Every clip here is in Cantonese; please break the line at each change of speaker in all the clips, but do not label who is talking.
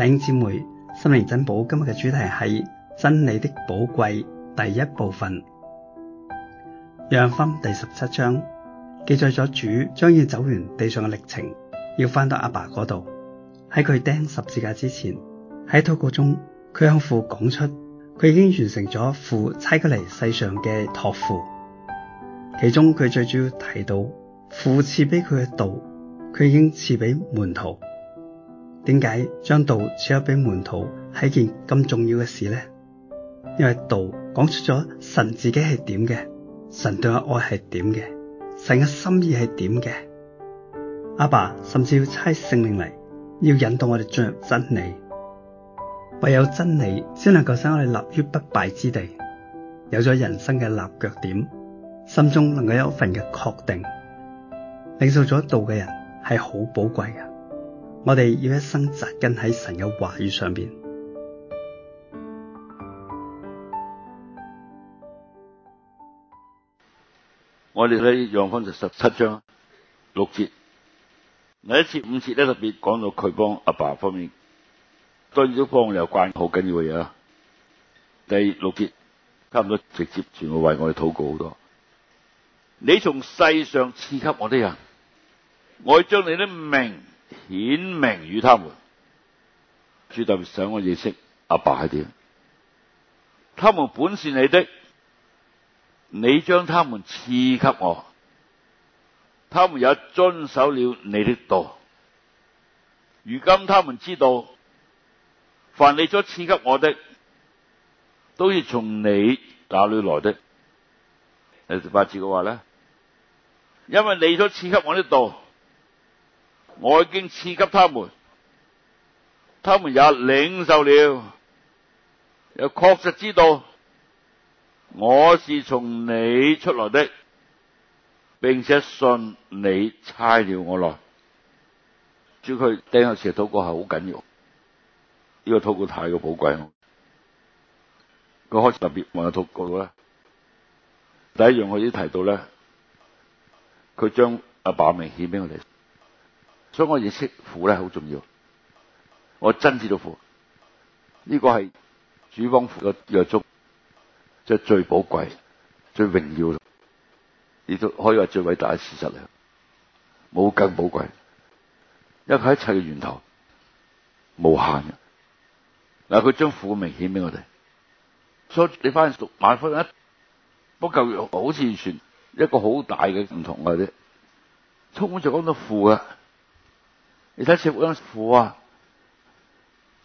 弟兄姊妹，心靈珍寶今日嘅主題係真理的寶貴，第一部分。約翰第十七章記載咗主將要走完地上嘅歷程，要返到阿爸嗰度。喺佢釘十字架之前，喺禱告中，佢向父講出，佢已經完成咗父差佢嚟世上嘅託付。其中佢最主要提到，父賜俾佢嘅道，佢已經賜俾門徒。點解將道賜咗俾門徒係件咁重要嘅事咧？因為道講出咗神自己係點嘅，神對我愛係點嘅，神嘅心意係點嘅。阿爸甚至要差聖命嚟，要引導我哋進入真理。唯有真理先能夠使我哋立於不敗之地，有咗人生嘅立腳點，心中能夠有一份嘅確定。領受咗道嘅人係好寶貴嘅。我哋要一生扎根喺神嘅話語上邊。
我哋睇約翰福音十七章六節，第一節、五節咧特別講到佢幫阿爸，爸方面，對呢一方面又關好緊要嘅嘢啦。第六節差唔多直接全部為我哋禱告好多。你從世上賜給我啲人，我將你啲名。顯明與他們，最特別想我認識阿爸係點？他們本是你的，你將他們賜給我，他們也遵守了你的道。如今他們知道，凡你所賜給我的，都要從你那裡來的。你十八字嘅話咧，因為你所賜給我的道。我已經賜給他們，他們也領受了，又確實知道我是從你出來的，並且信你差了我來。叫佢聽下食土告係好緊要，呢個土告太過寶貴。佢開始特別問下土告咧，第一樣我已經提到咧，佢將阿爸名獻俾我哋。所以我認識父咧好重要，我真知道父，呢、這個係主幫父個約中，就是、最寶貴、最榮耀，亦都可以話最偉大嘅事實嚟，冇更寶貴，因為佢一切嘅源頭，無限嘅。嗱，佢將父明顯俾我哋，所以你翻去讀馬福音一不舊、那個、月好，好似完全一個好大嘅唔同嘅啫，通常就講到父嘅。你睇似講父啊，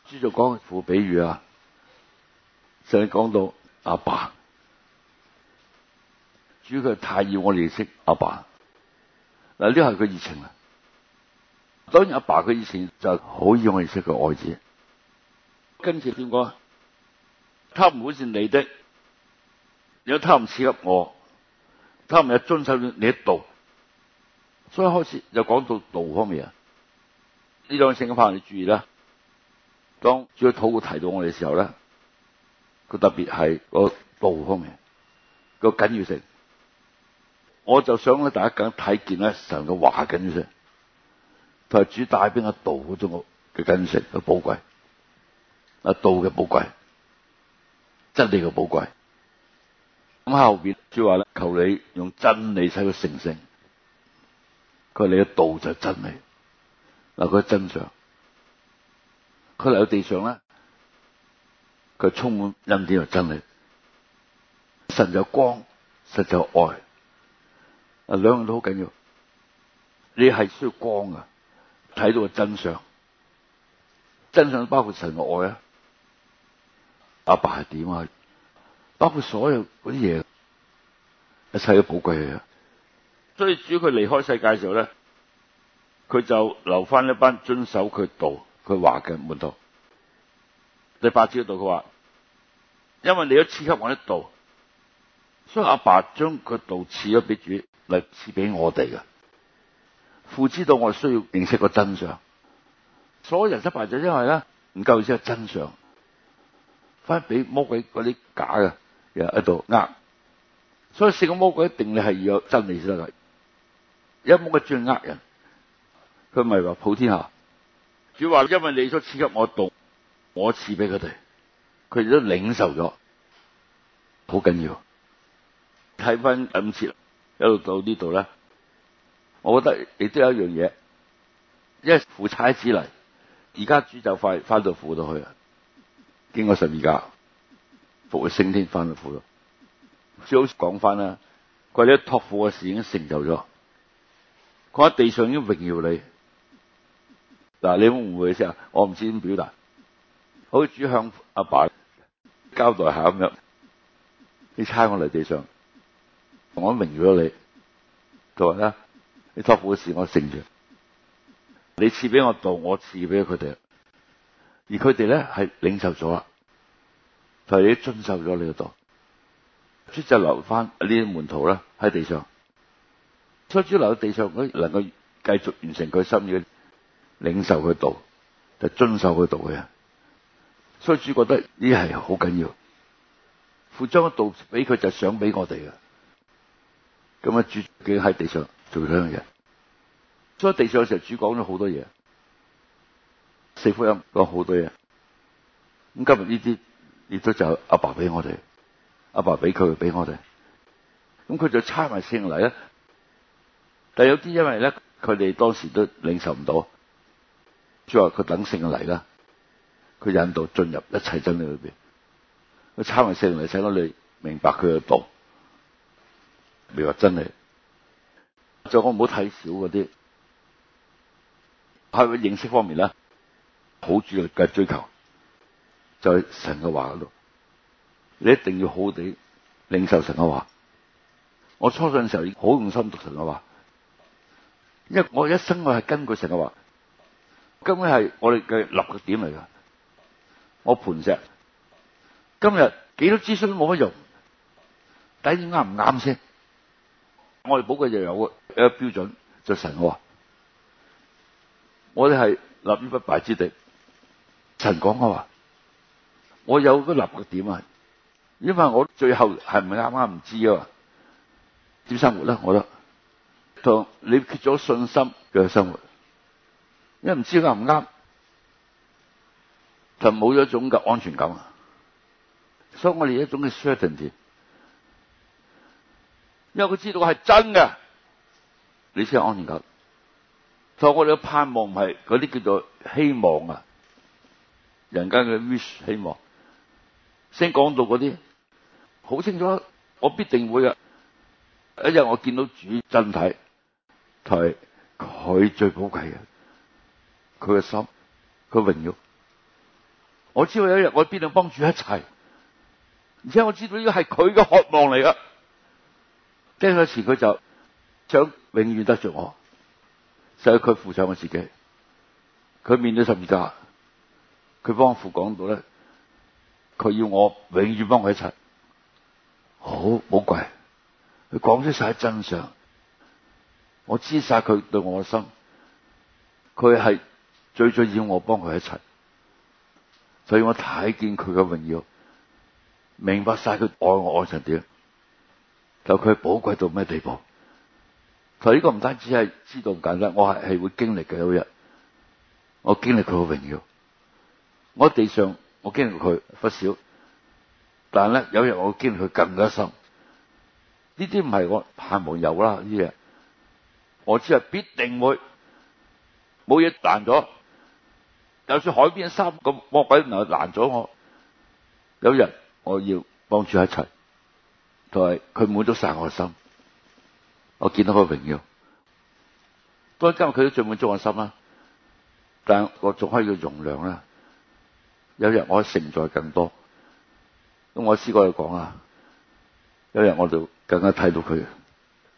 主就講父比喻啊，就係講到阿爸，爸，主佢太要我哋識阿爸，爸，嗱呢係佢熱情啊。當然阿爸佢以前就好要我認識佢愛子，跟住點講啊？他唔會是你的，如果他唔賜給我，他唔有遵守你嘅道，所以開始又講到道方面啊。呢兩性嘅方面，你注意啦。當主喺禱告提到我哋嘅時候咧，佢特別係個道方面個緊要性。我就想咧，大家更睇見咧神嘅話緊要，同埋主帶俾阿道嗰種嘅緊要性嘅寶貴。阿道嘅寶貴，真理嘅寶貴。咁喺後邊主話咧，求你用真理使佢成聖，佢話你嘅道就係真理。嗱，佢真相，佢留喺地上咧，佢充滿恩典又真理，神就光，神就愛，啊，兩樣都好緊要。你係需要光啊，睇到個真相，真相包括神嘅愛啊，阿爸係點啊，包括所有嗰啲嘢，一切都寶貴嘅。所以，主佢離開世界嘅時候咧。佢就留翻一班遵守佢道、佢話嘅門徒。第八節嘅道佢話：，因為你都賜給我嘅道，所以阿爸將佢道賜咗俾主嚟賜俾我哋嘅。父知道我需要認識個真相。所有人失敗就因為咧唔夠意思係真相，反而俾魔鬼嗰啲假嘅人喺度呃。所以識個魔鬼一定你係要有真理先得嘅。有冇嘅專呃人？佢唔係話普天下，主要話，因為你所賜給我道，我賜俾佢哋，佢哋都領受咗，好緊要。睇翻五節，一路到呢度咧，我覺得亦都有一樣嘢，因為父差子嚟，而家主就快翻到父度去啦。經過十字架，復活升天翻到父度，最好講翻啦，佢者託付嘅事已經成就咗，佢喺地上已經榮耀你。嗱，你會唔會先啊？我唔知點表達，好似主向阿爸，爸交代下咁樣。你差我嚟地上，我明咗你。就話咧，你託付嘅事我承住，你賜俾我道，我賜俾佢哋。而佢哋咧係領受咗啦，佢哋都遵守咗呢個道。出就留返呢啲門徒啦喺地上，出主留喺地上，佢能夠繼續完成佢心意。領受佢道，就是、遵守佢道嘅，所以主覺得呢係好緊要，父將個道俾佢就想俾我哋嘅，咁啊主嘅喺地上做緊樣嘢，所以地上嘅時候主講咗好多嘢，四福音講好多嘢，咁今日呢啲亦都就阿爸俾我哋，阿爸俾佢俾我哋，咁佢就差埋聖嚟。咧，但有啲因為咧佢哋當時都領受唔到。即係話佢等聖靈嚟啦，佢引導進入一切真理裏邊，佢差完聖靈嚟，使到你明白佢嘅道。你係話真嘅，就我唔好睇少嗰啲，係咪認識方面咧？好主力嘅追求就喺、是、神嘅話嗰度，你一定要好地領受神嘅話。我初信嘅時候，已經好用心讀神嘅話，因為我一生我係根據神嘅話。根本係我哋嘅立嘅點嚟噶，我盤石今日幾多資訊都冇乜用，睇啱唔啱先。我哋補嘅又有個標準，就是、神我話，我哋係立於不敗之地。神講我話，我有嗰立嘅點啊，因為我最後係唔係啱啱唔知啊，點生活咧？我覺得同你缺咗信心嘅生活。因為唔知佢唔啱，就冇咗一種嘅安全感啊！所以我哋一種嘅 certainty，因為佢知道係真嘅，你先有安全感。所以我哋嘅盼望唔係嗰啲叫做希望啊，人間嘅 wish 希望。先講到嗰啲，好清楚，我必定會啊！因為我見到主真體，係佢最寶貴嘅。佢嘅心，佢榮耀。我知道有一日我必定幫住一齊，而且我知道呢個係佢嘅渴望嚟噶。驚嗰時佢就想永遠得着我，所以佢負上我自己。佢面對十字架，佢幫父講到咧，佢要我永遠幫佢一齊。好，寶貴，佢講出晒真相，我知晒佢對我嘅心，佢係。最最要，我幫佢一齊，所以我睇見佢嘅榮耀，明白晒佢愛我愛成點，就佢寶貴到咩地步。但呢個唔單止係知道簡單，我係係會經歷嘅。有日我經歷佢嘅榮耀，我地上我經歷佢不少，但係咧有日我經歷佢更加深。呢啲唔係我盼望有啦，呢嘢，我知係必定會冇嘢彈咗。就算海邊三個魔鬼能夠攔咗我，有日我要幫住一齊，同埋佢滿足晒我心，我見到佢榮耀。當然今日佢都最滿足我心啦，但係我仲可以嘅容量啦，有日我可以承載更多。咁我試過去講啊，有日我就更加睇到佢。